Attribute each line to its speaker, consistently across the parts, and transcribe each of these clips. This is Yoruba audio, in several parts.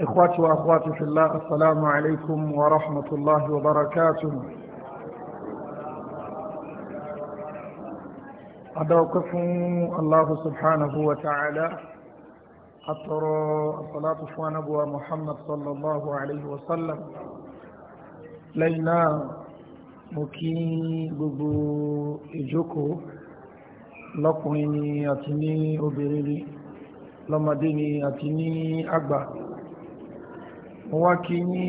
Speaker 1: إخواتي وأخواتي في الله السلام عليكم ورحمة الله وبركاته أدوكف الله سبحانه وتعالى أترى الصلاة فوانبوى محمد صلى الله عليه وسلم لينا مكين ببو إجوكو لقويني أتني أبريني لمديني أتني أكبر mo wá kí ní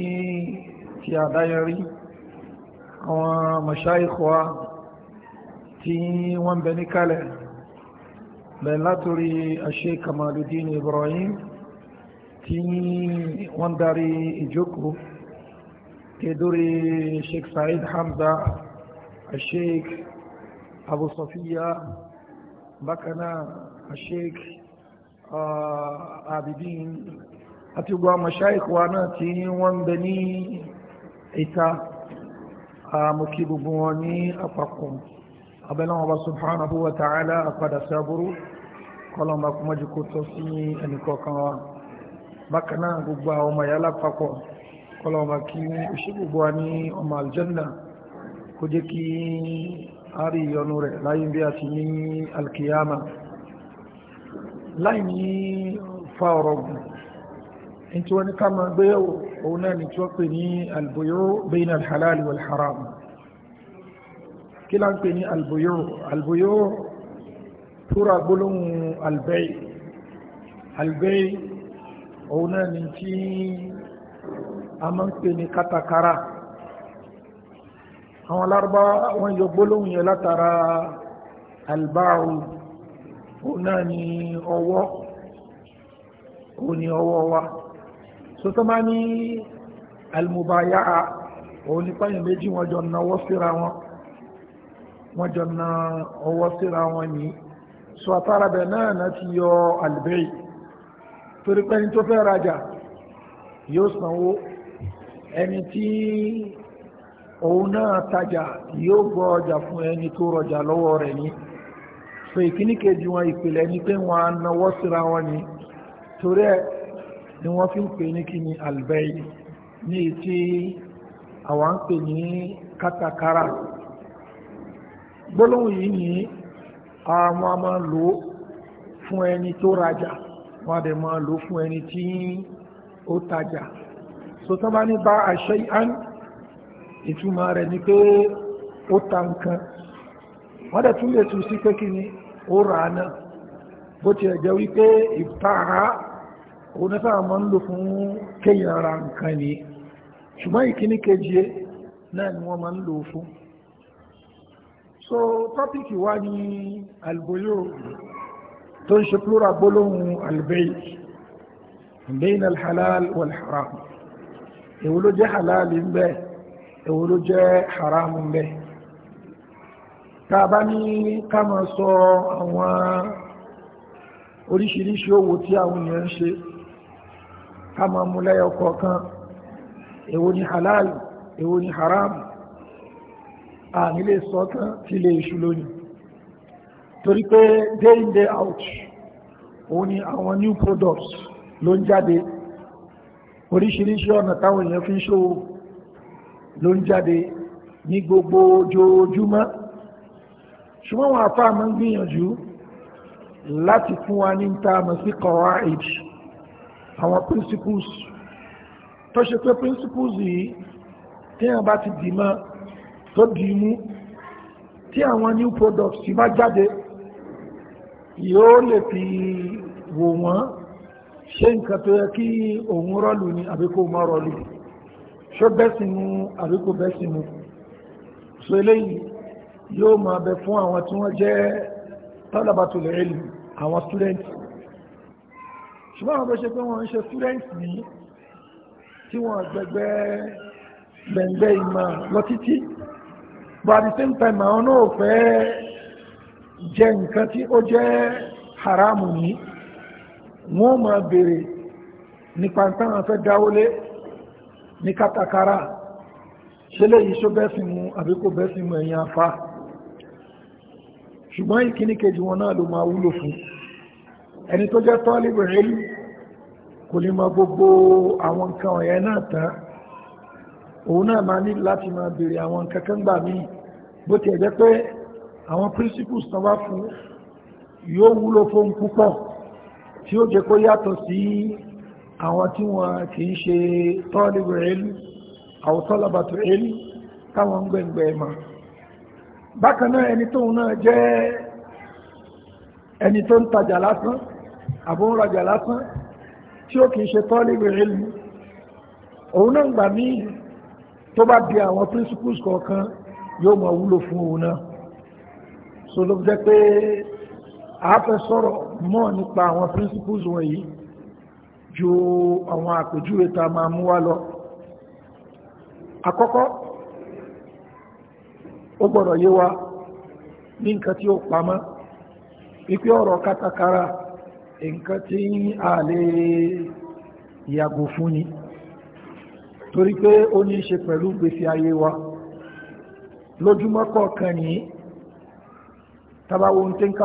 Speaker 1: ti àdáyẹrí àwọn mọ̀ṣáìkò wa tí wọ́n bẹ ní kalẹ̀ bẹ̀ látòrí àṣẹ Kamaluddin Ibrahim tí wọ́n darí ìjókòó kedori Sheikh Said Hamza Sheikh Abu Sofiya bákan náà Sheikh uh, Abidin àti gbogbo àwọn mọ̀ṣáìkì wa náà tí wọ́n ń bẹ ní ìta àmọ́kí gbogbo wọn ní àpapọ̀ abẹ́láwọn ọba subhanahu wa ta'ala àpadà sí aburú kọlọmọ akọmọdé kò tọ́ sí ẹnìkọ̀ọ̀kan wa bákan náà gbogbo àwọn ọmọ ìyá lápapọ̀ kọlọmọ kí oṣù gbogbo wa ní ọmọ aljanna kó jẹ́ kí a rí ìyọnu rẹ̀ láyé bí a ti ní alkiyama láì ní fa ọ̀rọ̀ gùn tí wọ́n ní ká máa gbé yẹ̀wò òun náà ni tí wọ́n pè ní albuyu bain alhalal wal haram kí la ń pè ní albuyu albuyu tura gbólóhùn albay albay òun náà ni tí a máa ń pè ní katakara àwọn alárúbá wọn yọ gbólóhùn yẹn látara albáàrù òun náà ni ọwọ́ òun ni ọwọ́ wa so tó máa ní almubaya òun nípa yìí méjì wọ́n jọ na ọwọ́ síra wọn wọ́n jọ na ọwọ́ síra wọn ní so àtàrà bẹ̀ náà náà ti yọ albay torí pé tó fẹ́ rajà yóò sanwó ẹni tí òun náà tajà yóò gbọ́ ọjà fún ẹni tó rọjà lọ́wọ́ rẹ̀ ní so wọn ìpìlẹ̀ ni pé wọn á síra wọn ní torí ẹ̀ ni wọ́n fi ń pè ní kí ni albẹ́yì ní etí àwọn ń pè ní kátàkárà gbólóhùn yìí ni àwọn a máa lò fún ẹni tó rajà wọ́n a dẹ̀ máa lò fún ẹni tí ó tajà so tó bá ní bá àṣẹ àn ìtumọ̀ rẹ̀ ni pé ó ta nǹkan wọ́n dẹ̀ tún lè tún sí pé kí ni ó rà náà bó tiẹ̀ jẹ́ wípé ìtaara oníta àmọ́ ń lò fún kéyìn ara nǹkan ni ṣùgbọ́n ìkíní kejì náà ni wọ́n máa ń lò fún so tọ́pìkì wá ní alboyo tó ń ṣe plural gbólóhùn albay bain alhalal walharam èwo ló jẹ́ halal ń bẹ èwo ló jẹ́ haram ń bẹ tá a ní ká sọ àwọn oríṣiríṣi owó tí àwọn èèyàn ń ṣe Kama máa mú lẹ́yọ kọ̀ọ̀kan èwo ni halal èwo ni haram a nílé sọ́tán tí lè ṣù lónìí torí pé day in day out òun ni àwọn new products ló ń jáde oríṣiríṣi ọ̀nà táwọn èèyàn fi ń ṣòwò ló ń jáde ní gbogbo ojoojúmọ́ ṣùgbọ́n wọn àfáà máa ń gbìyànjú láti fún wa ní ń ta àmọ̀ sí kọ̀ọ̀rọ̀ àìjì àwọn principles tó ṣe pé principles yìí tí wọ́n bá ti dìímọ̀ tó dìímú tí àwọn new products ti bá jáde yóò lè fi wò wọ́n ṣe nǹkan tó yẹ kí òun rọ́lù ni àbí mọ́ rọ́lù ṣó bẹ́sìn mu àbí kò bẹ́sìn mu so eléyìí yóò máa bẹ fún àwọn tí wọ́n jẹ́ talabatul ilm àwọn students ṣùgbọ́n àwọn tó ṣe pé wọ́n ń ṣe fúrẹ́ǹsì ní tí wọ́n gbẹgbẹ́ gbẹ̀ngbẹ́ ìmọ̀ lọ títí but at the same time àwọn náà fẹ́ jẹ nǹkan tí ó jẹ́ haramu ní wọ́n máa béèrè nípa táwọn fẹ́ dáwọ́lé ní kátàkárà ṣe léyìí ṣó bẹ́ẹ̀ sì mú àbí kò bẹ́ẹ̀ sì mú ẹ̀yìn afá ṣùgbọ́n ìkíní kejì wọn náà ló máa wúlò fún ẹni tó jẹ́ tọ́lìbìrì kò lè mọ gbogbo àwọn nǹkan ọ̀yẹ́ náà tán òun náà máa ní láti máa bèèrè àwọn nǹkan kan gbà míì bó ti ẹ̀jẹ́ pé àwọn principles tán wá fún yóò wúlò fún púpọ̀ tí ó jẹ́ kó yàtọ̀ sí àwọn tí wọ́n kì í ṣe tọ́lẹ̀bù ẹ̀lú àwòtọ́lọ̀bàtò ẹ̀lú táwọn ń gbẹ̀ngbẹ̀ ẹ̀mà bákan náà ẹni tóun náà jẹ́ ẹni tó ń tajà lásán àbóńrajà lásán tí ó kìí ṣe tọ́lébù ilmi òun náà gbà mí tó bá bí àwọn principles kọ̀ọ̀kan yóò máa wúlò fún òun náà so ló jẹ́ pé a fẹ́ sọ̀rọ̀ mọ́ nípa àwọn principles wọ̀nyí ju àwọn àpèjúwe tá máa mú wá lọ àkọ́kọ́ ó gbọ́dọ̀ yé wa ní nǹkan tí ó pamọ́ wípé ọ̀rọ̀ kátàkárà nǹkan tí a lè yàgò fún ni torí pé ó ní ṣe pẹ̀lú gbèsè ayé wa lójúmọ́ kọ̀ọ̀kan ní tabawo tí ń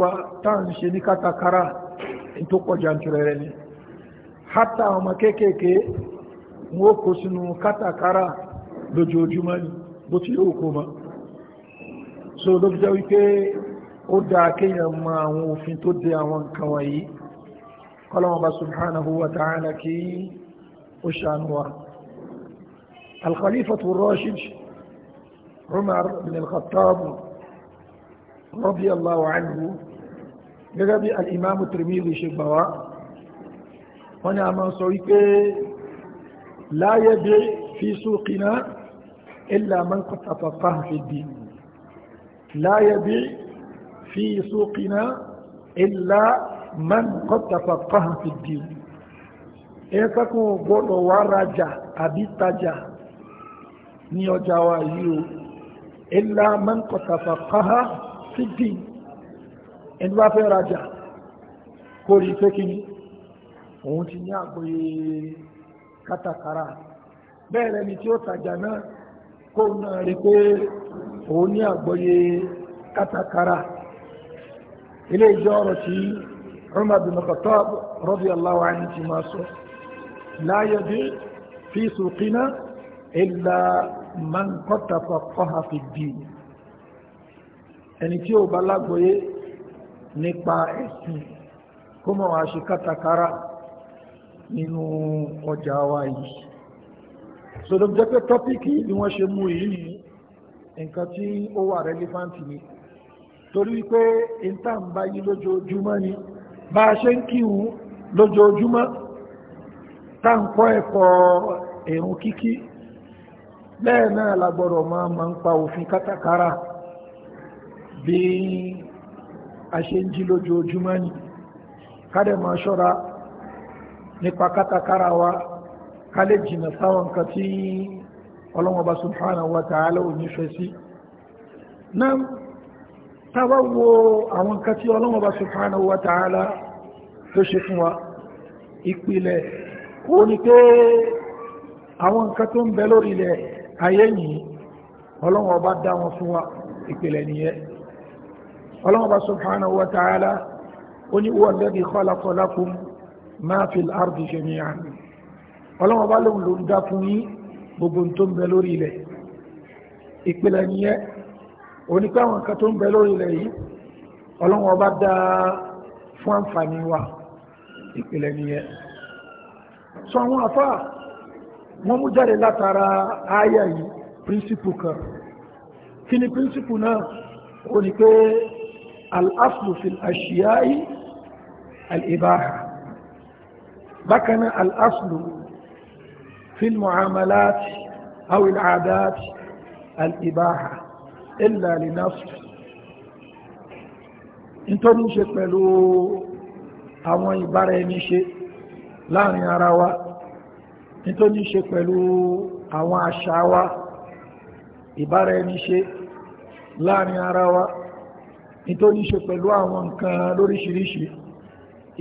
Speaker 1: wa táà ń ṣe ní kátàkárà tó pọ̀ rẹ̀ ni hátà ọmọ kéékèèké wọ́n kò sínú kátàkárà lójoojúmọ́ ni bó so ó dáa kéèyàn mọ àwọn òfin tó de àwọn nǹkan wọ̀nyí kọ́lọ́mọba subhanahu wa ta'ala kí ó ṣàánú wa alkhalifatu rashid umar bin al-khattab radiyallahu anhu gẹ́gẹ́ bí al'imamu tirmidhi ṣe gbà wá wọ́n ni a máa sọ wípé la yabi fi suqina illa man qad tafaqaha fi din في سوقنا إلا من قد تفقه في الدين ẹ̀ẹ́sẹ́kùn gbọ́dọ̀ wá rajà àbí tajà ní ọjà wa yìí o illa man qad tafaqaha fi din ẹni wá fẹ́ rajà kó rí pé kí ni òun ti ní àgbóyé kátàkárà bẹ́ẹ̀ ni tí ó tajà náà kó náà rí pé òun ní àgbóyé kátàkárà ilé ìjọ ọ̀rọ̀ tí Umar bin Khattab radiyallahu anhu ti máa sọ la yabī'u fī sūqinā illā man qad tafaqqaha fid-dīn ẹni tí ó bá lágbóyé nípa ẹ̀sìn kó mọ̀ wá ṣe kátàkárà nínú ọjà wa yìí sọdọ̀ jẹ́ pé tọ́píkì ni wọ́n ṣe mú yìí nǹkan tí ó wà rẹ́lífáǹtì ni torí wípé ìta ń bá yí lójoojúmọ́ ni bá a ṣe ń kíhun lójoojúmọ́ tá ń kọ́ ẹ̀kọ́ ẹ̀rùn kíkí bẹ́ẹ̀ náà lagbọ́dọ̀ ma ń pa òfin kátàkárà bí a ṣe ń jí lójoojúmọ́ ni kádẹ̀ máa ṣọ́ra nípa kátàkárà wa ká lè jìnà sáwọn nǹkan tí ọlọ́wọ́ba subhanahu wa ta'ala ò nífẹ̀ẹ́ sí tàbá wo àwọn nǹkan tí Ọlọ́hun Ọba subhanahu wa ta'ala tó ṣe fún wa ìpìlẹ̀ ó ní pé àwọn nǹkan tó ń bẹ lórí ilẹ̀ ayé yìí Ọlọ́hun Ọba dá wọn fún wa ìpìlẹ̀ nìyẹn Ọlọ́hun Ọba subhanahu wa ta'ala ó ní huwa alladhi khalaqa lakum ma fil ardi jami'an Ọlọ́hun Ọba lòun ló ń dá fún yín gbogbo tó ń bẹ lórí ilẹ̀ ìpìlẹ̀ nìyẹn onípẹ́ àwọn nǹkan tó ń bẹ lórí ilẹ̀ yìí ọlọ́run ọba dá fún àǹfààní wa ìpìlẹ̀ nìyẹn sọ àwọn àfà wọ́n mú jáde látara àyà yìí príncipù kan kí ni príncipù náà ó ní pé al-aslu fil bákan náà al-aslu fil muamalat aw al illa li nafsi nítorí ṣe pẹ̀lú àwọn ìbára ẹni ṣe láàrin ara wa nítorí ṣe pẹ̀lú àwọn àṣà wa ìbára ẹni ṣe láàrin ara wa nítorí ṣe pẹ̀lú àwọn nǹkan lóríṣiríṣi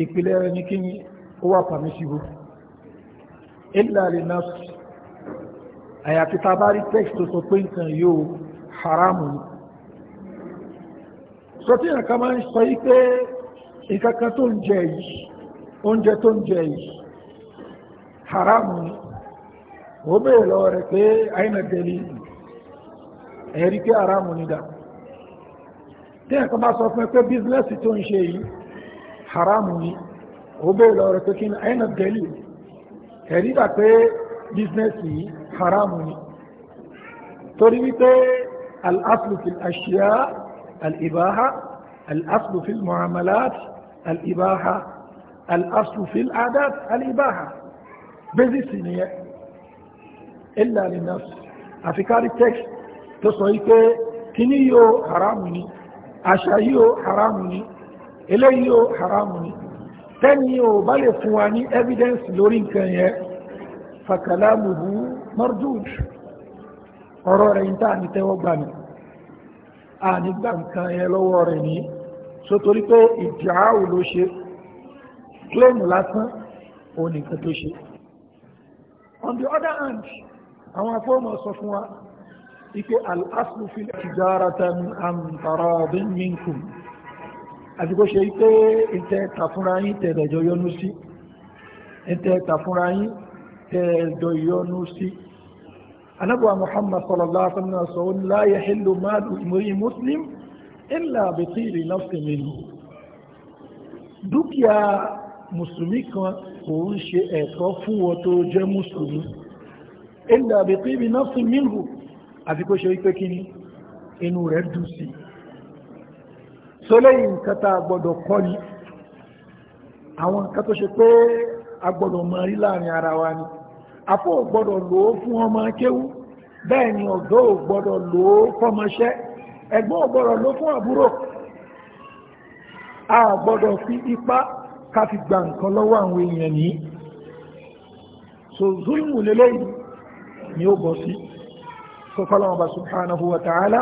Speaker 1: ìpìlẹ̀ ẹni kí ó wà pàmísìbò illa li nafsi àyàfi tá a tó sọ pé nǹkan yóò haramu ni sọtí ẹ̀ka máa ń sọ yí pé ìkankan tó ń jẹ yìí oúnjẹ tó ń jẹ yìí haramu ni ó bèèrè lọ rẹ̀ pé àìnà dẹ̀lì ẹ̀rí pé haramu ni dà tí ẹ̀ka máa sọ fún ẹ pé bísínẹ́sì tó ń ṣe yìí haramu ni ó bèèrè lọ rẹ̀ pé kí ni àìnà dẹ̀lì ẹ̀rí dà pé bísínẹ́sì haramu ni torí wípé الأصل في الأشياء الإباحة الأصل في المعاملات الإباحة الأصل في العادات الإباحة ع ا بذي ا الا للنفس افكار التكست تصعيك كنيو حرامني اشعيو حرامني اليو حرامني تنيو بل فواني لورين كنيه فكلامه مردود ọ̀rọ̀ rẹ̀ yìí táà ní tẹ́wọ́ gbà ní a ní gbà nǹkan yẹn lọ́wọ́ rẹ̀ ní so torí pé ìdíáwò ló ṣe claim lásán òun nìkan tó ṣe on the other hand àwọn afọ́mọ̀ sọ fún wa ike al-aslu fil tijaratan an taradin minkum àti kó ṣe pé ìtẹ́ tàfúnra yín tẹ̀lẹ̀jọ yọnu sí ìtẹ́ tàfúnra yín tẹ̀lẹ̀jọ yọnu sí anábọ̀ muhammad sallallahu alaihi wa sallam la yahillu malu imri muslim illa bi tiri nafsi minhu dúkìá mùsùlùmí kan kò ń ṣe ẹ̀tọ́ fún wọn tó jẹ́ mùsùlùmí illa bi tiri nafsi minhu àti kó ṣe wípé kí ni inú rẹ̀ dùn sí sọlẹ́yìn nǹkan tá gbọ́dọ̀ kọ́ ni àwọn nǹkan tó ṣe pé a gbọ́dọ̀ mọ̀ rí láàrin ara wa ni afọ́ ò gbọ́dọ̀ lò ó fún ọmọ kéwú bẹ́ẹ̀ ni ọ̀dọ́ ò lò ó fọmọṣẹ́ ẹ̀gbọ́n ò lò fún àbúrò a gbọ́dọ̀ fi ipá ká fi gba nǹkan lọ́wọ́ àwọn èèyàn ní so zulmù lélẹ́yìn ni ó bọ̀ sí sọfọ́lọ́wọ́ba subhanahu wa ta'ala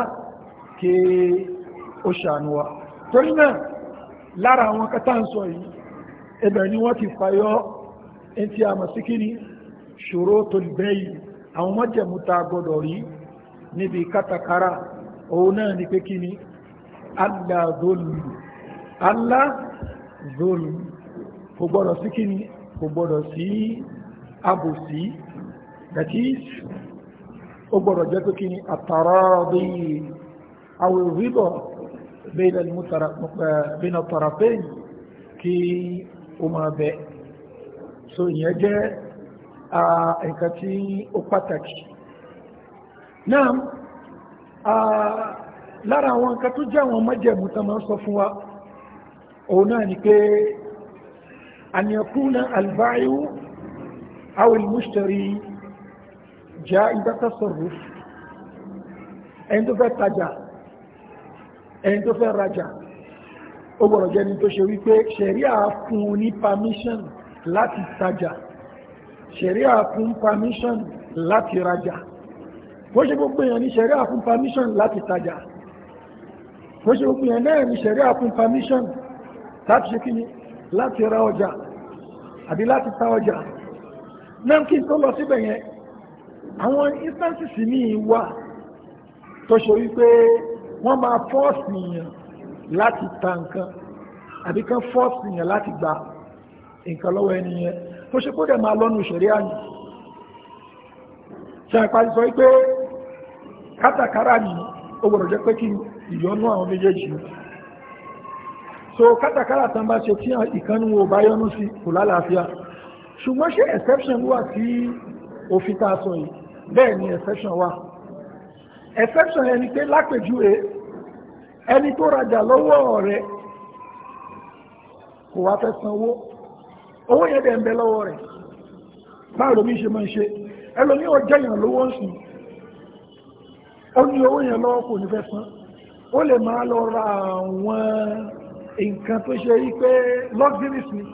Speaker 1: kí ó ṣàánúwa torí náà lára àwọn kátà ń sọ yìí ẹbẹ̀ ni wọ́n ti fayọ́ ẹn ṣurotul bay'i àwọn mọ́jẹ̀mú ta gbọ́dọ̀ rí níbi kátàkárà òun náà ni pé kí ni alla zulm alla zulm kò gbọ́dọ̀ sí kí ni kò gbọ́dọ̀ sí àbòsí that is ó gbọ́dọ̀ jẹ́ pé kí ni àtàràbí àwọn ìrìbọ̀ bẹ́ẹ̀ lẹ́nu tàràfẹ́ kí ó máa bẹ́ so ìyẹn jẹ́ nǹkan tí ó pàtàkì náà lára àwọn nǹkan tó jẹ́ àwọn májẹ̀mú tó máa ń sọ fún wa òun náà ni pé an yakuna al-bai'u aw al-mushtari ja'iza tasarruf ẹni tó fẹ́ tajà ẹni tó fẹ́ rajà ó gbọ́dọ̀ jẹ́ tó ṣe wípé ṣẹ̀ríà fún ní permission láti tajà ṣẹ̀ríà fún permission láti rajà bó ṣe gbogbo èèyàn ní ṣẹ̀ríà fún permission láti tajà bó ṣe gbogbo èèyàn náà ní ṣẹ̀ríà fún permission láti ṣe kíni láti ra ọjà àbí láti ta ọjà náà kí n tó lọ síbẹ̀ yẹn àwọn instances míì wà tó ṣe wípé wọ́n máa fọ́ọ̀sì yàn láti ta nǹkan àbí kan fọ́ọ̀sì yàn láti gba nǹkan lọ́wọ́ ẹni yẹn tó ṣe kó dẹ̀ máa lọ́nu ìṣẹ̀rí àyè ṣe àpárí sọ wípé kátàkárà ní ó gbọ́dọ̀ jẹ́ pé kí ìyọnú àwọn méjèèjì so kátàkárà tán bá ṣe tí ìkànnì wo bá yọnú sí kò lálàáfíà ṣùgbọ́n ṣe exception wà sí òfin tá a sọ yìí bẹ́ẹ̀ ni exception wà exception ẹni pé lápèjúwe ẹni tó rajà lọ́wọ́ rẹ̀ kò wá fẹ́ sanwó owó yẹn dẹ̀ ń bẹ lọ́wọ́ rẹ̀ báwo mi ṣe máa ń ṣe ẹlòmí ò jẹ́yàn lówó ń sùn ó ní owó yẹn lọ́wọ́ kò ní fẹ́ san ó lè máa lọ ra àwọn nǹkan tó ṣe yí pé luxuries ni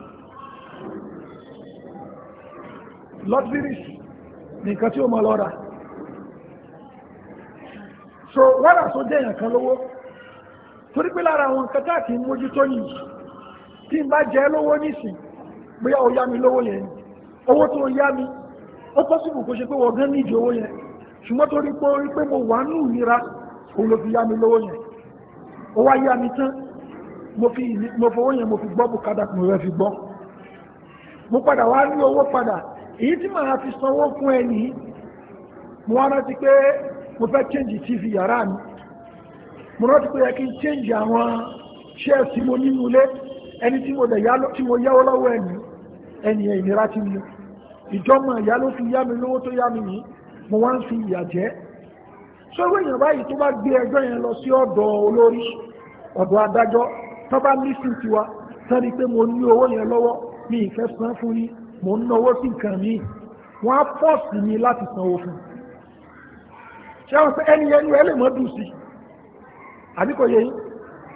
Speaker 1: luxuries nìkan tí ó máa lọ rà so wàrà tó jẹ́yàn kan lówó torí pé lára àwọn nǹkan táàkì mójútó yìí tí n bá jẹ́ lówó nísìnyí bóyá o yá mi lówó yẹn owó tó yá mi ó pọ́sibù kó ṣe pé wọ́n gán nídìí owó yẹn ṣùgbọ́n tó rí pé pé mo wà nù nira òun ló fi yá mi lówó yẹn ó wá yá mi tán mo fowó yẹn mo fi gbọ́ bùkádà mo fẹ́ fi gbọ́ mo padà wá ní owó padà èyí tí màá fi sanwó fún ẹ mo wá rántí pé tv yàrá mi mo rántí pé yẹ kí n change àwọn mo nínú ilé ẹni tí mo yáwó lọ́wọ́ ẹni ìnira ti mi ìjọmọ̀ ìyá ló fi yá mi lówó tó yá mi nìí mo wá ń fi ìyà jẹ́ sọ́wọ́ èèyàn báyìí tó bá gbé ẹjọ́ yẹn lọ sí ọ̀dọ̀ olórí ọ̀dọ̀ adájọ́ tó bá lísìn tiwa sẹ́ni pé mo ní owó yẹn lọ́wọ́ mi ìfẹ́ san fún yín mo ń náwó sí nǹkan mi wọ́n á pọ́ọ̀sì mi láti sanwó fún ṣé wọ́n sẹ́ ẹni ẹnu lè mọ́ dùn sí àbí kò yẹ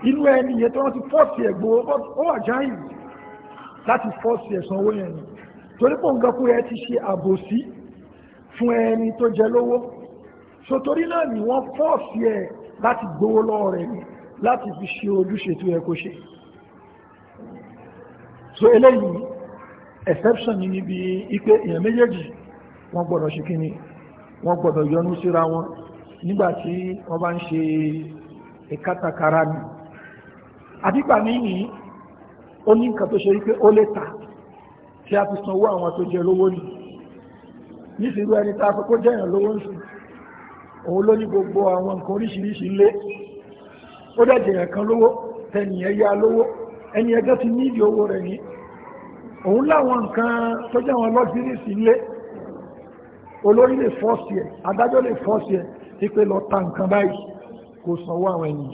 Speaker 1: inú ẹni yẹn tó wọ́n ti pọ́ọ̀sì ẹ̀gbọ́n ó wà jáìyì láti fọ́ọ̀sì ẹ̀sán owó yẹn ni torí pò ń gan fún ẹ ti ṣe àbòsí fún ẹni tó jẹ lówó so torí náà ni wọ́n fọ́ọ̀sì ẹ láti gbowó lọ́wọ́ rẹ̀ ni láti fi ṣe ojúṣe tó yẹ kó ṣe so eléyìí exception ni níbi ipe èèyàn méjèèjì wọ́n gbọ́dọ̀ ṣe kí ni wọ́n gbọ́dọ̀ yọnu síra wọn nígbàtí wọ́n bá ń ṣe ìkátàkárá ni àdìgbà míì nìyí ó ní nǹkan tó ṣe rí pé ó lè tà tí a fi sanwó àwọn tó lówó ni nísìrú ẹni tá a fẹ́ kó jẹyàn lówó ń sùn òun ló ní gbogbo àwọn nǹkan oríṣiríṣi lé ó dẹ̀ jẹyàn kan lówó tẹnìyàn yá lówó ẹni ẹgbẹ́ ti ní ìdí owó rẹ̀ ní òun láwọn nǹkan tó jẹ́ àwọn lé olórí lè fọ́ọ̀sì ẹ̀ adájọ́ lè fọ́ọ̀sì ẹ̀ tí pé lọ ta nǹkan báyìí kò sanwó àwọn ẹni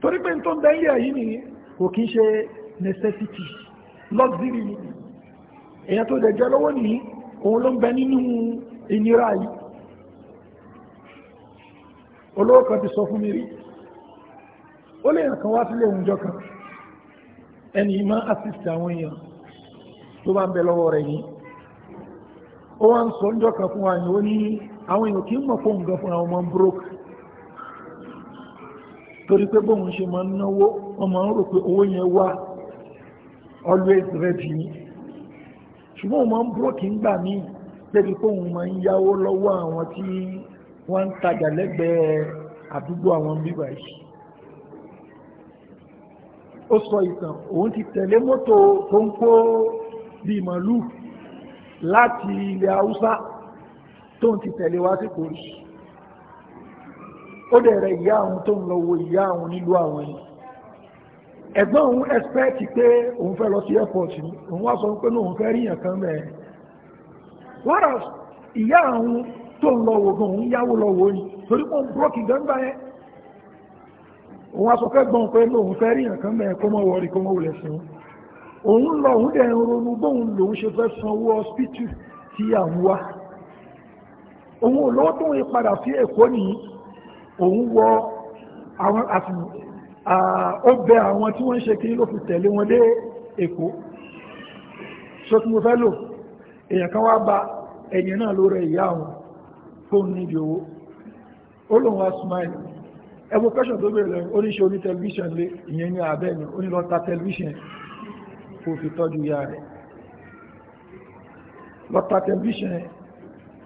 Speaker 1: torí pé n tó ń bẹ́ẹ̀lì ẹ̀yí nìyí kò kí ṣe necessity luxury ni èyàn tó dẹ̀jọ́ lọ́wọ́ ní òun ló ń bẹ nínú ìnira yìí olówó kan ti sọ fún mi rí ó lè yàn kan wá sílé oúnjọ kan ẹni máa assist àwọn èèyàn tó bá ń bẹ lọ́wọ́ rẹ̀ yìí ó wá ń sọ oúnjọ kan fún wa ní àwọn èèyàn kì í mọ̀ fóun gan fún àwọn ọmọ broke torí pé bóun ṣe máa ń náwó ọmọ ń rò pé owó yẹn wà always ready ni ṣùgbọ́n òun máa ń búrọ́kì ń gbà míì débi pé òun máa ń yáwó lọ́wọ́ àwọn tí wọ́n ń tajà lẹ́gbẹ̀ẹ́ àdúgbò àwọn bíbá yìí ó sọ ìtàn òun ti tẹ̀lé mọ́tò tó ń kó bíi màálù láti ilẹ̀ haúsá tóun ti tẹ̀lé wá sí kòrìṣì ó dẹ̀rẹ̀ ìyá àwọn tó ń lọ wo ìyá àwọn nílùú àwọn yìí ẹ̀gbọ́n òun ẹ̀spẹ́ẹ̀tì pé òun fẹ́ lọ sí airport ni òun wá sọ pé òun fẹ́ ríyàn kan mẹ́ẹ̀ wọ́n ìyá àwọn tó ń lọ wò gan òun yáwó lọ wò ni torí pé òun búrọ́kì gbangba yẹn òun wá sọ pé gbọ́n pé òun fẹ́ ríyàn kan mẹ́ẹ̀ kó mọ́ wọrí kó mọ́ wulẹ̀ sí òun lọ òun dẹ̀ ń ronú bóun lòun ṣe fẹ́ sanwó hospital tí à ń òun ò lọ́wọ́ tóun yí padà sí Èkó nìyí òun wọ àwọn àti ó bẹ àwọn tí wọ́n ń ṣe kí ló fi tẹ̀lé wọn dé èkó so tí mo fẹ́ lò èyàn kan wá bá ẹ̀yìn náà ló rẹ ìyá àwọn fóònù níbi owó ó lòun wá smile ẹwọ pẹ́ṣọ̀ tó bèèrè lẹ́yìn oníṣẹ́ oní tẹlifíṣàn lé ìyẹn ní abẹ́ mi ó ní lọ ta tẹlifíṣàn kò fi tọ́jú ìyá rẹ̀ lọ ta tẹlifíṣàn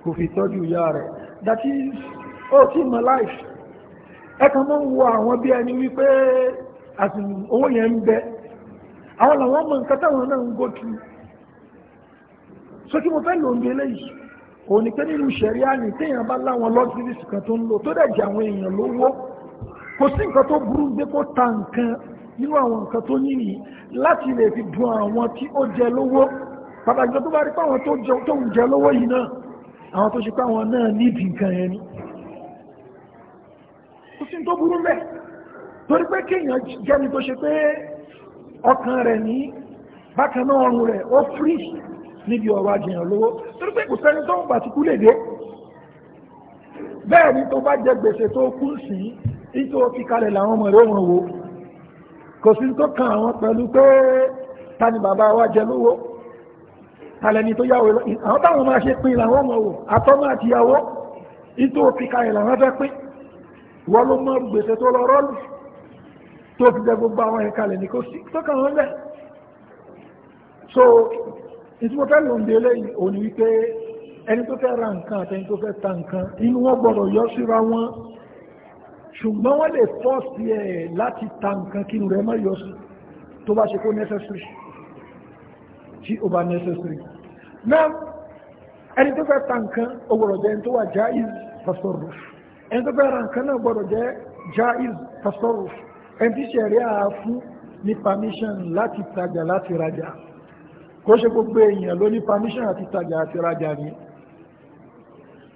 Speaker 1: kò fi tọ́jú ìyá rẹ̀ that is ó ti mọ life ẹka mọ́ ń wo àwọn bí ẹni wípé owó yẹn ń bẹ àwọn làwọn mọ̀ nǹkan táwọn náà ń gò kí mo fẹ́ lò ń gbélé yìí òun ni pé nínú ṣẹ̀ríà ní téèyàn bá láwọn lọ́sírìsì kan tó ń lò tó dẹ̀ jẹ́ àwọn èèyàn lówó kò sí nǹkan tó burú gbé kó ta nǹkan nínú àwọn nǹkan tó ní nìyí láti lè fi dun àwọn tí ó jẹ lówó pàtàkì tó bá rí pé àwọn tó ń jẹ lówó yìí náà àwọn tó ṣe pé àwọn náà nídìí nǹkan yẹn ni kò sí tó burú mẹ́ torí pé kéèyàn jẹ́ni tó ṣe pé ọkàn rẹ̀ ní bákan náà ọrùn rẹ̀ ó fírí níbi ọ̀rọ̀ àjẹyàn lówó torí pé kò sẹ́ni tó ń gbà tí kú lè dé bẹ́ẹ̀ ni tó bá jẹ gbèsè tó kú sí nítorí fi kalẹ̀ làwọn ọmọ rẹ̀ wọn wo kò sí tó kan àwọn pẹ̀lú pé ta ni bàbá wa jẹ lówó tàlẹ́ni tó yáwó àwọn táwọn máa ṣe pín làwọn ọmọ wò àtọ́mọ́ àtìyàwó nítorí fi kalẹ̀ làwọn fẹ́ pín wọ́n ló mọ́ gbèsè tó lọ rọ́ọ̀lù tó fi jẹ gbogbo àwọn ẹ̀ka lẹ̀ ní kò sí tọ́ka wọn lẹ̀ so ìtumọ̀fẹ́ ló ń de eléyìí òní wípé ẹni tó fẹ́ ra nǹkan àtẹni tó fẹ́ ta nǹkan inú wọn gbọ́dọ̀ yọ síra wọn ṣùgbọ́n wọ́n lè fọ́ọ̀sì ẹ̀ láti ta nǹkan kí rẹ̀ mọ́ yọ sí tó bá ṣe kó necessary tí ó bá necessary náà ẹni tó fẹ́ ta nǹkan ó gbọ́dọ̀ jẹ́ ẹni tó wà jáìz fọ́sọ̀rọ̀ ẹni tó fẹ́ ra nǹkan náà gbọ́dọ̀ jẹ́ jaiz tasarruf ẹni tí ṣẹ̀rí àá fún ní permission láti tajà láti rajà kó ṣe gbogbo èèyàn ló ní permission àti tajà àti rajà ni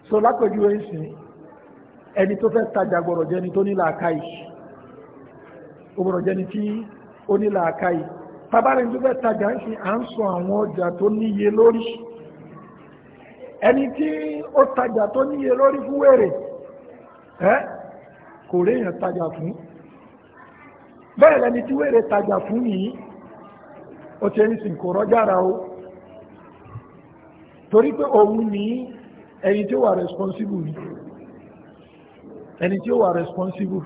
Speaker 1: so lápẹjú ẹ̀sìn ẹni tó fẹ́ tajà gbọ́dọ̀ jẹ́ ni tó ní làákàyè ó gbọ́dọ̀ jẹ́ ni tí ó ní làákàyè tabarin tó fẹ́ tajà ń sìn à ń sọ àwọn ọjà tó níye lórí ẹni tí ó tajà tó níye lórí fún wèrè ẹ́ kò réèyàn tajà fún bẹ́ẹ̀ lẹni tí wèrè tajà fún yìí ó ti ń sìn kò o torí pé òun ní ẹni tí ó wà responsible ni ẹni tí ó wà responsible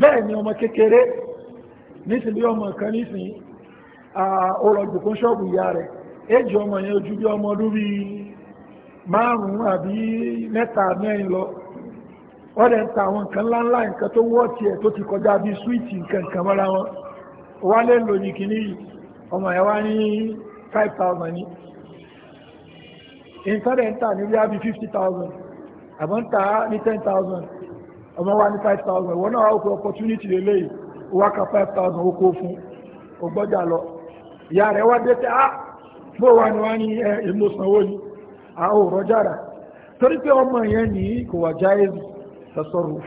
Speaker 1: bẹ́ẹ̀ ni ọmọ kékeré nísìnyí ọmọ kan nísìnyí ṣọ́ọ̀bù ìyá rẹ̀ ọmọ yẹn ojú bí ọmọ ọdún bíi márùn-ún àbí mẹ́ta wọ́n dẹ̀ ń ta àwọn nǹkan ńláńlá nǹkan tó wọ́ tiẹ̀ tó ti kọjá bí súwìtì nǹkan nǹkan mọ́ra wọn wá lè lò ní kìíní ọmọ ẹ̀ wá ní five thousand ní nǹkan dẹ̀ ń ta ní bíi fifty thousand àbọ̀ ń ta ní ten thousand ọmọ wa ní five thousand ìwọ náà wà ó opportunity lélẹ́yìí ó wá ka five thousand ó kó fún ó gbọ́jà lọ ìyá rẹ̀ wá dé tẹ́ á ah, bó wa ni wá ní ẹ̀ eh, èlò sanwó ni a ah, ò rọjà torí pé ọmọ yẹn ní kò wà jáyé bù tasarruf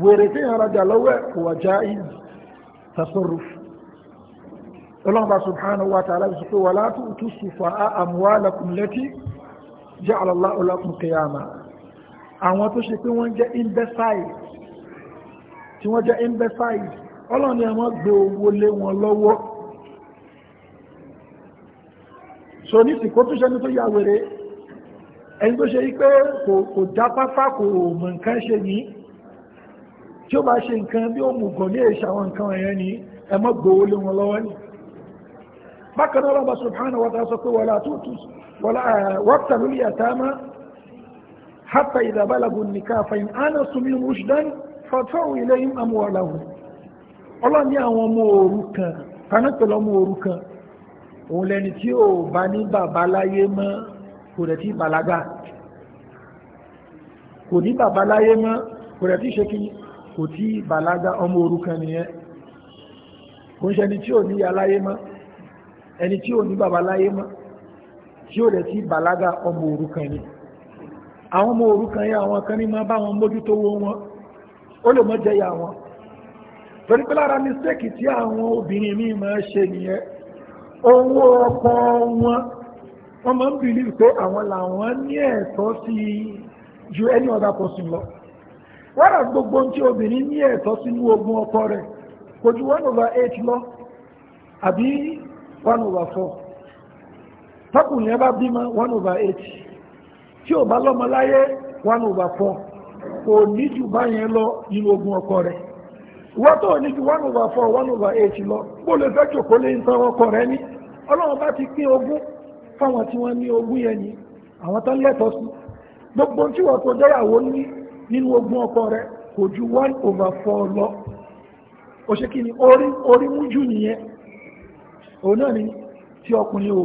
Speaker 1: wèrè tí yàrá jà lọ́wọ́ kò wà jaiz tasarruf ọlọ́mọba subhanahu wa ta'ala sọ pé wala tu'tu sufa'a amwalakum lati ja'ala Allahu lakum qiyama àwọn tó ṣe pé wọ́n jẹ́ imbecile tí wọ́n jẹ́ imbecile ọlọ́ni àwọn gbé owó lé wọn lọ́wọ́ so ní sìkó tó ṣẹ́ni tó yà wèrè ẹni tó ṣe wípé kò dápápá kò mọ̀ nǹkan ṣe ní tí ó bá ṣe nǹkan bí ó mú gàn ní èṣà àwọn nǹkan ẹ̀yẹn ni ẹ mọ́ gbowó lé wọn lọ́wọ́ ni bákan náà Allah subhanahu wa ta'ala sọ pé wala tu'tu wabtalul yatama hatta idha balagu nikaha fa in anastu minhum rushdan fadfa'u ilayhim amwalahum ọlọ́ni àwọn ọmọ òrukàn kanáà pẹ̀lú ọmọ òrukàn òun lẹni tí ò bá ní bàbá láyé mọ́ kò rẹ̀ tí bàlágà kò ní bàbá láyé mọ́ kò rẹ̀ tí ṣe kí kò tí bàlágà ọmọ òrukàn nìyẹn kò ń ṣe ẹni tí ò ní ya láyé mọ́ ẹni tí ò ní bàbá láyé mọ́ tí ó rẹ̀ tí bàlágà ọmọ òrukàn ni àwọn ọmọ òrukàn yẹn àwọn kan ní máa bá wọn mójútó wọn ó lè mọ́ jẹ́ ya wọn torí pé lára mistake tí àwọn obìnrin míì máa ṣe nìyẹn owó ọkọ wọn wọ́n máa ń bìlí pé àwọn làwọn ní ẹ̀tọ́ sí ju any other person lọ wọ́n gbogbo tí obìnrin ní ẹ̀tọ́ sínú ogun ọkọ rẹ̀ kò ju one over eight lọ àbí one over four tọkùnrin ẹ bá bímọ one over eight tí ò bá lọ́mọ láyé one over four kò ní ju báyẹn lọ nínú ogun ọkọ rẹ̀ wọ́n tó ní ju one over four one over eight lọ bó lè fẹ́ jòkó lé ń tan ọkọ rẹ̀ ní ọlọ́run bá ti pín ogún fáwọn tí wọ́n ní ogún yẹn ni àwọn tán lẹ́tọ̀ọ́ sí gbogbo tí wọ́n tó jẹ́yàwó ní nínú ogún ọkọ rẹ̀ kò ju one over four lọ ó ṣe kí ni orí orí mú jù nìyẹn òun náà ni tí ọkùnrin ò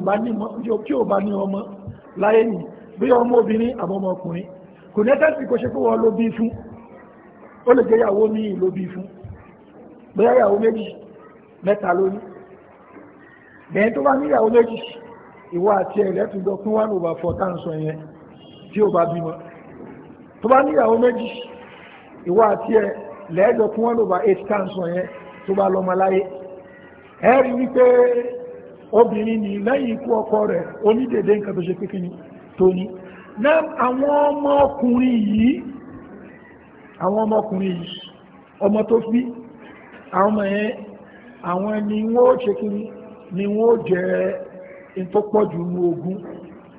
Speaker 1: bá ní ọmọ láyé nìyí bí ọmọ obìnrin àbọ̀mọ ọkùnrin kò ní ẹ́tẹ́sì kò ṣe pé wọ́n ló fún ó lè jẹ́yàwó ní ìlò fún bóyá ìyàwó méjì mẹ́ta lónìí bẹ̀yẹn tó bá ní ìyàwó méjì ìwà àti ẹ̀rẹ́ tó jọ pín one over four táǹsọ̀ yẹn tí ó bá bímọ tó bá níyàwó méjì ìwà àti ẹ̀ lẹ́ẹ̀jọ pín one over eight táǹsọ̀ yẹn tó bá lọ́mọ láyé ẹ rí wípé obìnrin ní lẹ́yìn ikú ọkọ rẹ̀ onídèédé nǹkan tó ṣe pé tó ní náà àwọn ọmọkùnrin yìí àwọn ọmọkùnrin yìí ọmọ tó bí àwọn ọmọ yẹn àwọn ni wọ́n ó ṣe kíni ni wọ́n ó jẹ́ in tó pọ̀ jù ní ogún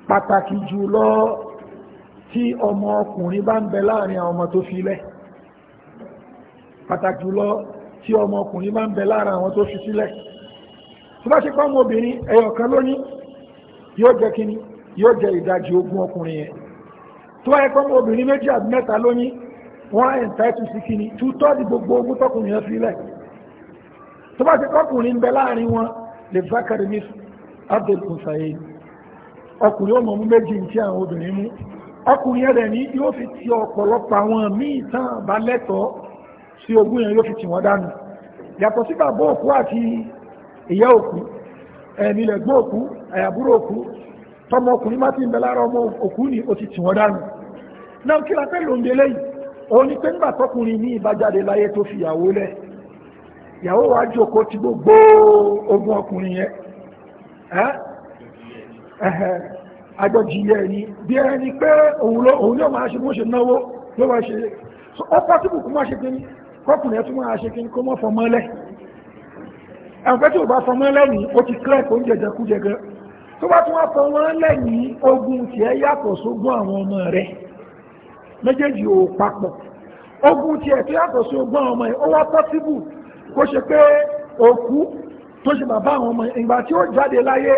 Speaker 1: pàtàkì jù lọ tí ọmọ ọkùnrin bá ń bẹ láàrin àwọn ọmọ tó fi lẹ̀ pàtàkì jù lọ tí ọmọ ọkùnrin bá ń bẹ láàrin àwọn tó fi sílẹ̀ tó bá ṣe pọ́ ọmọ obìnrin ẹyọ kan lónìí yóò jẹ́ kíni yóò jẹ́ ìdajì ogún ọkùnrin yẹn tó wáyé pọ́ ọmọ obìnrin méjì àbí mẹ́ta lónìí wọ́n á ẹ̀ǹtẹ́tù sí kíni tú tọ́ọ̀dì gbogbo ogún tọkùnrin yẹn fi lẹ̀ tó bá ṣe pọ́kùnrin ń bẹ láàrin wọn lè bá kẹrìmísù abdul kunsaye ọkùnrin ọmọ mú méjì tí àwọn obìnrin mú ọkùnrin ẹ̀rẹ̀ ní yóò fi ti ọ̀pọ̀lọpọ̀ àwọn míì tán bá lẹ́tọ̀ọ́ sí ogún yẹn yóò fi tì wọ́n dànù yàtọ̀ sí bàbá òkú àti ìyá òkú ẹ̀mílẹ̀gbọ́n òkú àyàbúrò òkú tọmọ má ti ń bẹ lára ọmọ òkú ni ó ti tì wọ́n dànù náà kí la fẹ́ ló ń de lẹ́yìn òun ni pé ńgbà tọkùnrin ní ìbájáde láyé tó fi ìyàwó lẹ̀ ìyàwó wa jókòó ti gbogbo ogún ọkùnrin yẹn agbọ̀jìyẹ ni bí ẹni pé òun yóò máa ṣe bó ṣe náwó ló wá ṣe so ó pàtíbù kó máa ṣe kí ní kọkùnrin ẹ̀tún máa ṣe kí ní kó mọ́ fọmọ́lẹ̀ ẹ̀fẹ́ tí ò bá fọmọ́lẹ̀ ní ó ti clef oúnjẹ jẹkújẹ gan tó bá tún wá fọmọ́lẹ̀ ní ogun tí ẹ yàtọ̀ sógún àwọn ọmọ rẹ̀ méjèèjì ò papọ̀ ogun tí ẹ tó yàtọ̀ sógún àwọn ọmọ rẹ̀ ó wá pàtíbù kó ṣe pé òkú tó ṣe bàbá àwọn ọmọ ìgbà tí ó jáde láyé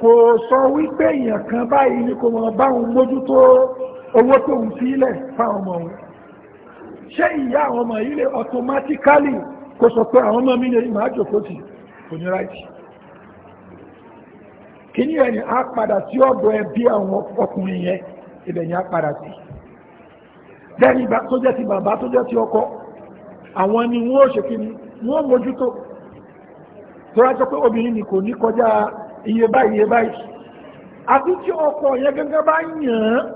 Speaker 1: kò sọ wípé èèyàn kan báyìí ni kò mọ̀ báwọn mójútó owó tó ń sílẹ̀ fáwọn ọmọ wọn ṣé ìyá àwọn ọmọ yìí lè automatically kò sọ pé àwọn ọmọ mi lè máa jòkó tì kò ní ráìtì kí ni ẹni á padà sí ọ̀dọ̀ ẹbí àwọn ọkùnrin yẹn ibẹ̀ ni á padà sí bẹ́ẹ̀ ni tó jẹ́ ti bàbá tó jẹ́ ti ọkọ àwọn ni wọ́n ò ṣe kí wọ́n mójútó tó rájọ pé obìnrin ni kò ní kọjá iye báyìí iye báyìí àti tí ọkọ yẹn gẹ́gẹ́ bá yàn án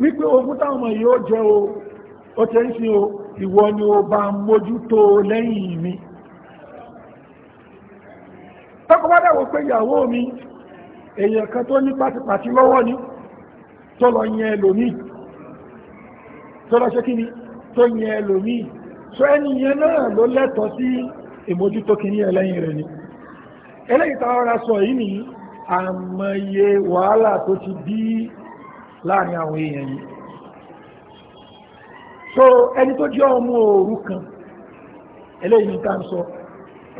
Speaker 1: wípé ogún táwọn ọmọ yìí ó jẹ o ó tẹ́ ń fi o ìwọ ni o bá mójútó lẹ́yìn mi tọ́kọ bá dàwọ̀ pé ìyàwó mi èèyàn kan tó ní pátipàti lọ́wọ́ ni tó lọ yẹn ẹlòmíì tó ṣe kí ni tó yẹn ẹlòmíì tó ẹni yẹn náà ló lẹ́tọ̀ọ́ sí ìmójútó kìíní ẹlẹ́yìn rẹ̀ ni eléyìí tàwọ́ra sọ yìí ni àmọye wàhálà tó ti bí láàrin àwọn èèyàn yìí so ẹni tó jẹ́ ọmọ òru kan eléyìí ní ká ń sọ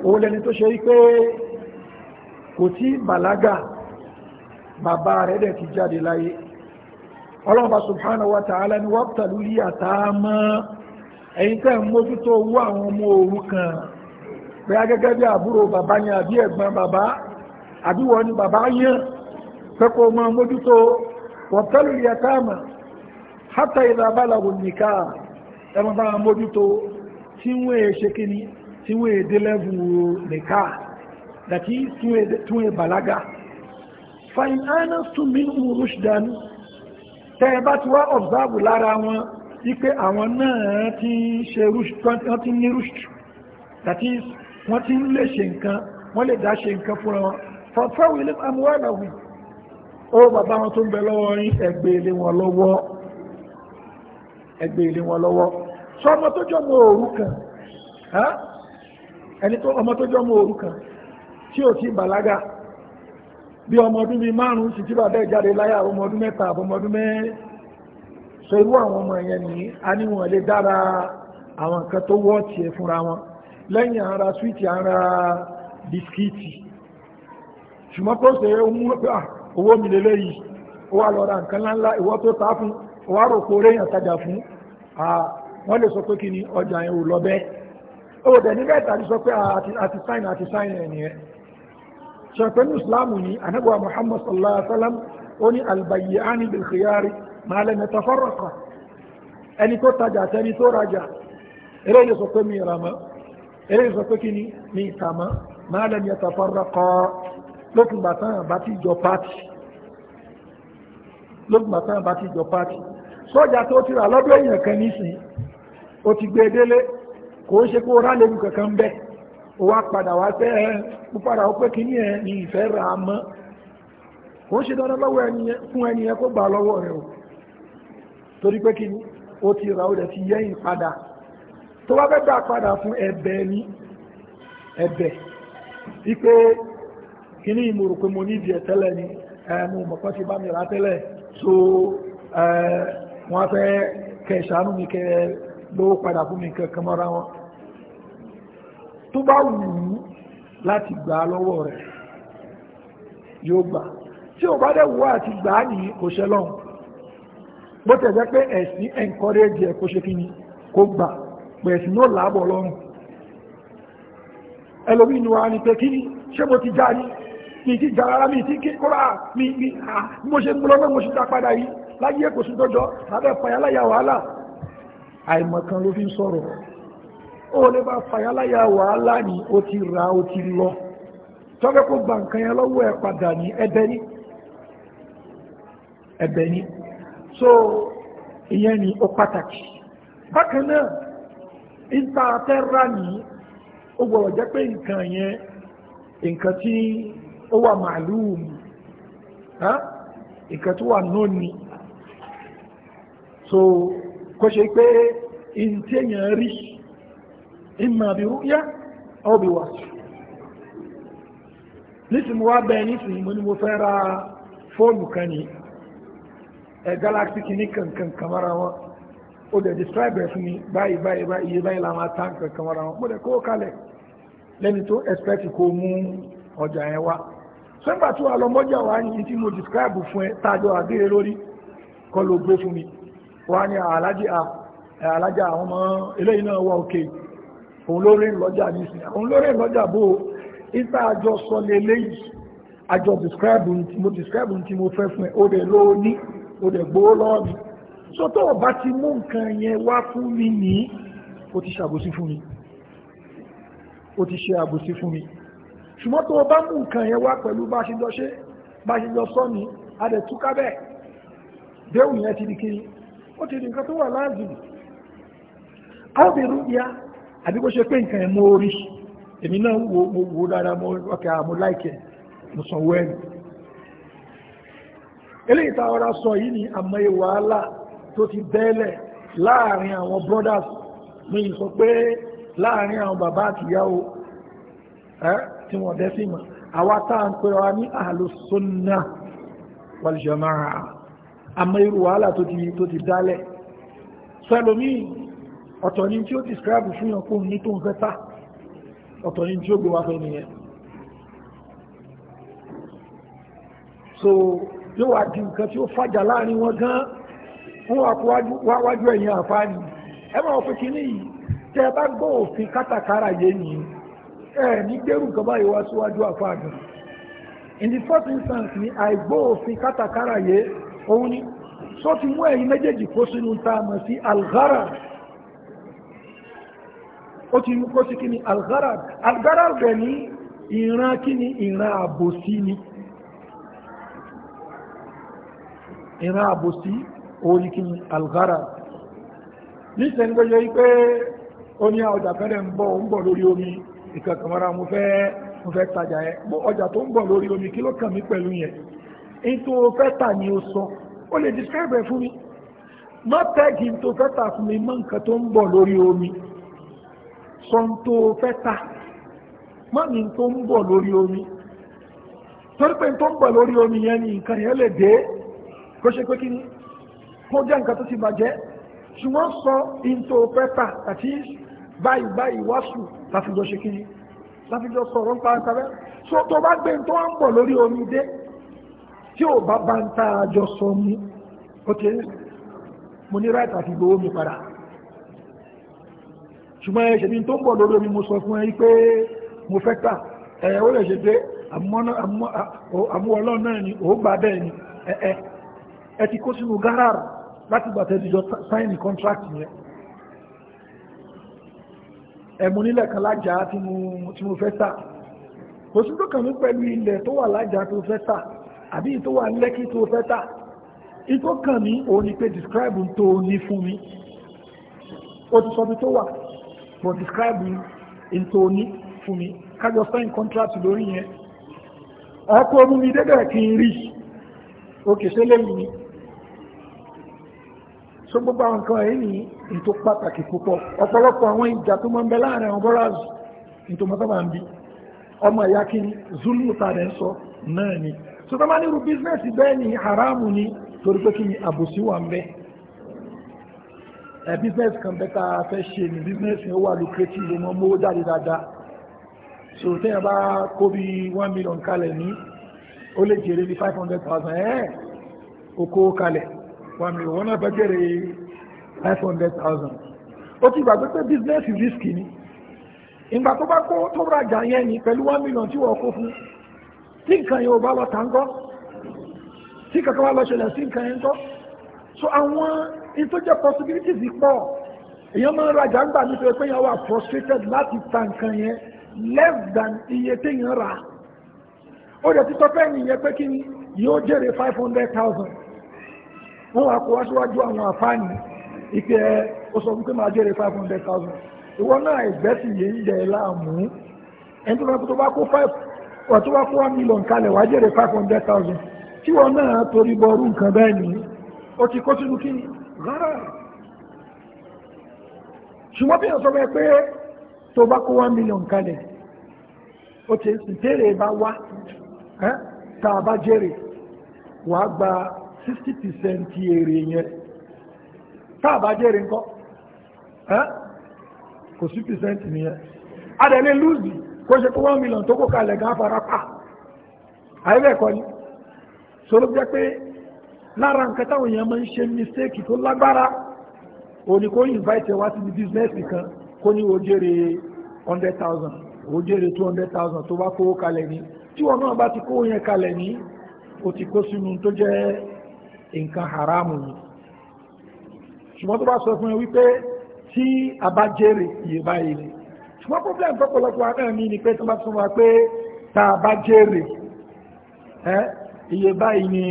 Speaker 1: òun lẹni tó ṣe wípé kò tí bàlágà bàbá rẹ̀ dẹ̀ ti jáde láyé ọlọ́mọba subhanahu wa ta'ala ni wabtalu liyatama ẹ̀yin tẹ́ ń mójútó owó àwọn ọmọ òru kan bóyá gẹ́gẹ́ bí àbúrò bàbá ni àbí ẹ̀gbọ́n bàbá àbí wọ́n ni bàbá yẹn pẹ́kọ̀ mọ́ mójútó wọ̀tẹ́lù yẹtáàmà hátà ìlàbálàwò nìká ẹmọ́bá mójútó tí wọ́n è ṣe kíní tí wọ́n èdè lẹ́bù nìká dàtí tí wọ́n bàlágà fain anastum minhum rushdan tẹ́ ẹ bá ti wá ọ̀bzáàbù lára wọn wípé àwọn náà ti ń wọ́n ti ń lè ṣe nǹkan wọ́n lè dá ṣe nǹkan fúnra wọn fọ́fọ́wì lè máa mú wà lọ́wọ́ ó bàbá wọn tó ń bẹ lọ́wọ́ yín ẹgbẹ́ ilé wọn lọ́wọ́ ẹgbẹ́ ilé wọn lọ́wọ́ sọ ọmọ tó jọ mọ òru kan ẹni tó ọmọ tó jọ mọ òru kan tí ò ti bàlágà bí ọmọ ọdún mi márùn-ún sì tí bàbá ẹ̀ jáde láyà ọmọ ọdún mẹ́ta àbọ̀mọ ọdún mẹ́rin so irú àwọn ọmọ yẹn nìyí a níwọ̀n lè dára àwọn nǹkan tó wọ́ tiẹ̀ fúnra wọn lẹ́yìn ara swíìtì ara bisikíìtì ṣùgbọ́n kó ṣe owó mi lélẹ́ yìí ó wà lọ́ra nǹkan ńláńlá ìwọ́ tó ta fún ó wà rògbò réyàn tajà fún wọ́n lè sọ pé kí ni ọjà yẹn ò lọ bẹ́ẹ̀ ó dẹ̀ nígbà ìtàdí sọ pé àti sáìn àti sáìn ẹ̀ nìyẹn ṣọ̀pẹ́ ní ìsìláàmù ní anábọ̀wà muhammad sallallahu alaihi wasallam ó ní albayi ani bil khiyari ma lam yatafarraqa ẹni tó tajà àti ẹni tó rajà eré ilé sọ pé mi ìrànmọ́ eléyìí sọ pé kí ni ní ìtàmọ́ máa lẹ́nu ẹ̀ta fọ́nrán kọ́ lókùnbà táwọn bá ti jọ pátì lókùnbà táwọn bá ti jọ pátì sọ́jà tó ti rà lọ́dọ̀ èèyàn kan nísìn ó ti gbé e délé kò ń ṣe kó rálẹ́nu kankan bẹ́ẹ̀ ó wá padà wá fẹ́ ẹ mo ó pé kí ni ẹ ní ìfẹ́ ra mọ́ kò ń ṣe dandan lọ́wọ́ fún ẹni kó gbà lọ́wọ́ rẹ̀ o torí pé kí ni ó ti rà ó dẹ̀ ti yẹ́yìn padà tó wá fẹ́ gbà padà fún ẹ̀bẹ̀ ní ẹ̀bẹ̀ ipé kíní ìmòrò pé mo ní ìdí ẹ̀tẹ́lẹ̀ ni ẹ̀mù mọ̀kán ti bá mi rà tẹ́lẹ̀ so wọ́n fẹ́ kẹsàánú mi kẹ lówó padà fún mi kankan mọ́ra wọn tó bá wù ú láti gbà lọ́wọ́ rẹ̀ yóò gbà tí ò bá dẹ̀ wù àti gbà ní òṣèlọ́hùn bó tẹ̀ jẹ́ pé ẹ̀sìn encourage ẹ̀ kó ṣe kí ni kó gbà pẹ̀sì náà láàbọ̀ lọ́rùn ẹlòmí inú wa ni pé kí ni ṣé mo ti já ní mi ti já rárá mi ti kí kóra mi mi à mo ṣe mú lọ́gbọ́n mo ṣe dá padà yìí láyé kò sí tọ́jọ́ lábẹ́ fàyàláyà wàhálà àìmọ̀kan ló fi ń sọ̀rọ̀ ó lè bá fàyàláyà wàhálà ni ó ti ra ó ti lọ tọ́fẹ́ kó gba nǹkan yẹn lọ́wọ́ ẹ̀ padà ní ẹ̀bẹ̀ ní ẹ̀bẹ̀ ní so ìyẹn ni ó pàtàkì bákan náà ìta fẹ́ rà ní ó gbọ́dọ̀ jẹ́ pé nǹkan yẹn nǹkan tí ó wà màálùm nǹkan tó wà náà ni so kó ṣe pé ìtẹ̀yàn rí ìmọ̀ àbí rúyá ọ̀bí wà nísìn mo wá bẹ́ẹ̀ nísìn mo ní mo fẹ́ ra fóònù kan ní ẹ̀ galaxy kìíní kankan kamara wọn ó dẹ̀ describe fún mi báyìí báyìí báyìí iye báyìí làwọn atáǹkì kan wọ́n ra wọn gbọ́dẹ̀ kó kalẹ̀ lẹ́ni tó expect kó mú ọjà yẹn wá sẹ́ńgbà tí wàá lọ mọ́jà ní tí mo describe fún ẹ tájọ àdéhùn lórí kọ́ ló gbé fún mi wá ní alájì alájà àwọn ọmọ eléyìí náà wà òkè òun lórí lọ́jà nísìnyí òun lórí lọ́jà bó ìta àjọ sọ lélẹ́yìí àjọ describe mo describe tí mo fẹ́ fún ẹ ó dẹ̀ lóní ó dẹ̀ gbówó lọ́wọ́ mi so tó o bá ti mú nǹkan yẹn wá fún mi ní o ti ṣàbòsí fún mi o ti ṣe àbòsí fún mi ṣùgbọ́n tó o bá mú nǹkan yẹn wá pẹ̀lú bá ṣe lọ ṣe bá ṣe lọ sọ a lè túká bẹ́ẹ̀ déhùn yẹn ti di kiri ó ti di nǹkan tó wà láàzùn ábìrún ya àbí kó ṣe pé nǹkan yẹn mo rí èmi náà wo mo wo dáadáa mo ọkẹ́ àmú láìkẹ́ mo sanwó ẹ̀mí eléyìí tá a rọra sọ yìí ni àmọ́ ìwàhálà tó ti bẹ́ẹ̀lẹ̀ láàrin àwọn brothers mi sọ pé láàrin àwọn bàbá àtìyàwó ẹ́ tí wọ́n dẹ́ sí mọ̀ àwa táà ń pèrọ ní àlùsọ́nà wàlìjọmára àmọ́ irú wàhálà tó ti dálẹ̀ ni tí ó describe fún yàn kó ní tó ń fẹ́ ta ọ̀tọ̀ ni tí ó gbé so yóò wá di nǹkan tí ó fàjà láàrin wọn gan-an wọ́n wá wájú ẹ̀yìn àǹfààní ẹ máa fi kíní yìí tẹ́ ẹ bá gbọ́ òfin kátàkárà yé ni ẹ ní gbẹ́rù kan báyìí wá síwájú àǹfààní in the first instance ni àìgbọ́ òfin kátàkárà yé òun ni sọ ti mú ẹ̀yìn méjèèjì kó sínú tá a mọ̀ sí alghara ó ti mú kó sí kíní alghara alghara rẹ̀ ní ìran kíní ìran àbòsí ni ìran àbòsí orikin kí ni algara níṣẹ́ ọjà fẹ́rẹ̀ ń bọ̀ ń bọ̀ omi ìkàkàmọ́ra mo fẹ́ fẹ́ tajà ẹ ọjà tó ń bọ̀ omi kí ló kàn mí pẹ̀lú yẹn ní tó fẹ́ tà o sọ lè describe ẹ fún mi má tẹ́gì tó fẹ́ tà fún mi nǹkan tó ń bọ̀ omi sọ ní tó fẹ́ tà má ní omi torí pé tó ń omi yẹn ni nǹkan yẹn lè dé kó jẹ́ nǹkan tó ti bàjẹ́ ṣùgbọ́n sọ into pẹ́pà àti báyìí báyìí wáṣù láfijọ́ ṣe kiri láfijọ́ sọ̀rọ̀ ń pa àtàrẹ́ so tó bá gbé tó ń bọ̀ lórí omi dé tí ò bá bá ń ta àjọ sọ mi ó ti mo ní ráìtà àti gbowó mi padà ṣùgbọ́n ẹ̀ṣẹ̀ mi tó ń bọ̀ lórí omi mo sọ fún ẹ pé mo fẹ́ tà ẹ̀ ó lè ṣe pé àmú náà ni ò gbà bẹ́ẹ̀ ni ẹ̀ ẹ ti kó sínú gáràrù láti gbàtẹ́jọ́ sáìnì contract yẹn ẹ̀mú nílẹ̀ kan lájá tí mo fẹ́ tà kò sí tó kàn mí pẹ̀lú ilẹ̀ tó wà lájá tó fẹ́ tà àbí tó wà lẹ́kí tó fẹ́ tà ìtò kàn mí òun ni pé describe tó ní fún mi ó ti sọ bí tó wà but describe tó ní fún mi kájọ sign contract lórí yẹn ọkọ̀ omi mi dẹ́gbẹ̀ẹ́ kí n rí òkè ṣẹlẹ̀ yìí so gbogbo àwọn nǹkan ẹ̀yìn ní ètò pàtàkì púpọ̀ ọ̀pọ̀lọpọ̀ àwọn ìjà tó máa ń bẹ láàrin àwọn brothers ètò mọ́tò máa ń bí ọmọ ìyá kí ni zulu ta rẹ̀ ń sọ náà ni so tó máa ní irú bísínẹ́sì bẹ́ẹ̀ ni haramu ni torí pé kí ni àbòsí wà ń bẹ ẹ bísínẹ́sì kan bẹ́ẹ̀ tá a fẹ́ ṣe ni bísínẹ́sì ó wà lucrative mọ́ mówó jáde dáadáa so téèyàn bá kó bí one million kalẹ̀ ní ó lè jèrè ní five hundred thousand ẹ̀ẹ́ okòó kalẹ̀ one million wọn náà hundred thousand ó ti gbàgbé pé business is risky ni ìgbà tó bá kó tó rajà yẹn ni pẹ̀lú one million tí wọ́n kó fún tí nǹkan yẹn ò bá lọ tàǹgọ́ tí kankan wá lọ ṣẹlẹ̀ sí nǹkan yẹn ń so àwọn ìtọ́jẹ́ possibilities pọ̀ èèyàn máa ń rajà ń gbà nítorí pé èèyàn frustrated láti ta nǹkan yẹn less than iye téèyàn rà ó dẹ̀ ti tọ́pẹ́ nìyẹn pé kí ni yóò jèrè five hundred thousand wọ́n wà kó wá síwájú àwọn àfáàní ìpẹ́ ó máa jẹ́rẹ̀ 500,000 ìwọ náà ìgbẹ́sì yé ń jẹ láàmú ẹni tó bá tó bá kó 5 wà tó kó 1 million kalẹ̀ wá jẹ́rẹ̀ 500,000 tí wọ́n náà torí bọrú nǹkan bẹ́ẹ̀ ni ó ti kó sínú kí rárá ṣùgbọ́n bí wọ́n sọ fẹ́ pé tó bá kó 1 million kalẹ̀ ó ti sì tẹ́rẹ̀ bá wá tá a bá jẹ́rẹ̀ wàá gba sixty percent èrè yẹn káàbá jẹ́rì ńkọ́ kò sí percent nìyẹn adẹ̀lẹ̀ lùzì kó ṣe kó one million tó kó kalẹ̀ gan fara pa àyẹ̀bẹ̀kọ́ ni sọ́rọ́ jẹ́ pé lára nǹkan táwọn èèyàn máa ń ṣe mistake tó lágbára òní kó invite wá síbi business kan kó ní ó jèrè hundred thousand ó jèrè two hundred thousand tó bá kówó kalẹ̀ ní tí wọn náà bá ti kówó yẹn kalẹ̀ ní o ti kó sínú tó jẹ́ nǹkan haramu ni ṣùgbọ́n tó bá sọ fún ẹ wípé tí a bá jèrè iye báyìí ni ṣùgbọ́n problem tọ́pọ̀lọpọ̀ náà ní ni pé tó bá tún wá pé tá a bá jèrè ẹ iye báyìí ni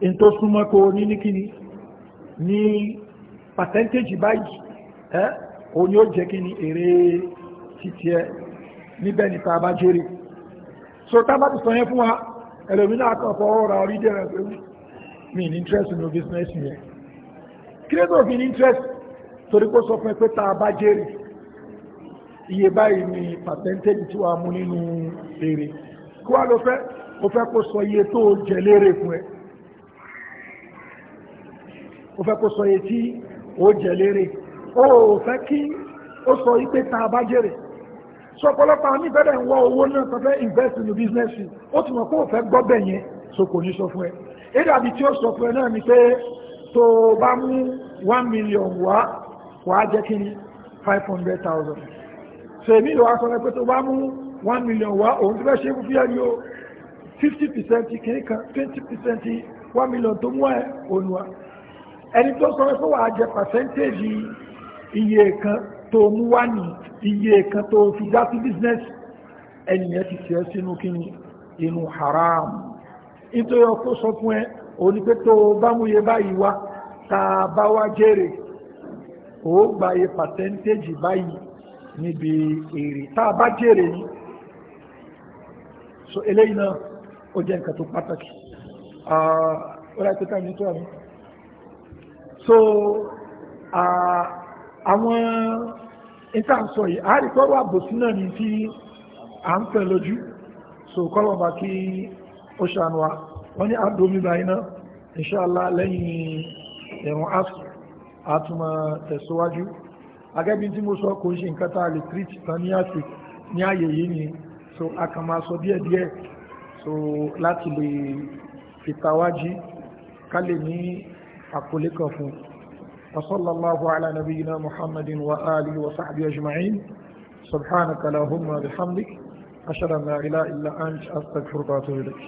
Speaker 1: n tó súnmọ́ kó ní níkíní ní percentage báyìí ẹ òun yóò jẹ́ kí ni èrè títí ẹ níbẹ̀ ni tá bá jèrè so tá bá ti sọ yẹn fún wa ẹlòmínà kan fọwọ́ ra orí dẹ̀rẹ̀ pẹ̀lú mi ní interest nínú business yẹn kí of tó interest torí kó sọ fún ẹ pé tá a bá jèrè iye báyìí ni percentage tí wàá mú nínú èrè kí wàá lọ fẹ́ o fẹ́ kó sọ iye tó jẹ lérè fún ẹ o fẹ́ kó sọ iye tí ó jẹ lérè o ò fẹ́ kí ó sọ ipe tá a bá jèrè so ọ̀pọ̀lọpọ̀ àmì bẹ̀rẹ̀ ń wá owó náà tó fẹ́ invest nínú business ó ti mọ̀ pé ó fẹ́ gbọ́ bẹ̀ yẹn so kò ní sọ fún ẹ ìdàbí tí ó sọ fún ẹ náà ni pé tó bá mú 1 million wá wàá jẹ́ kí ni 500,000 so èmi ìwà sọ pé tó bá mú 1 million wá òun ti fẹ́ ṣe fún fíẹ́ ni o 50% kìí kan 20% 1 million tó mú ẹ òun wá ẹni tó sọ pé wàá jẹ percentage iye kan tó mú wá ní iye kan tó fi dá sí business ẹnìyẹn ti tẹ̀ sínú kí ni inú haram nítorí ọkọ̀ sọ fún ẹ òní pé tó bá múye báyìí wá tá a bá wá jèrè ó gbàyè pàtẹ́ńtéèjì báyìí níbi èrè tá a bá jèrè ní so eléyìí náà ó jẹ́ nǹkan tó pàtàkì ó láti ká tó àmì so àwọn ìtànsọ yìí àárìkọ́rọ̀ àbòsí náà ní tí à ń fẹ́ lójú so kọ́lọ̀ bá kí ó ṣàánúwà wọ́n ní àdómi báyìí náà inṣáàlá lẹ́yìn ẹ̀rùn asù àtúmọ̀ tẹ̀síwájú agẹ́bí tí mo sọ kò ń ṣe nǹkan tá a tán ní àsìkò ní ààyè yìí ni so a kàn máa sọ díẹ̀díẹ̀ so láti lè fìtawájí ká lè ní àkọlé kan fún الله على نبينا محمد وآله وصحبه أجمعين سبحانك اللهم وبحمدك أشهد أن لا إله إلا أنت أستغفرك وأتوب إليك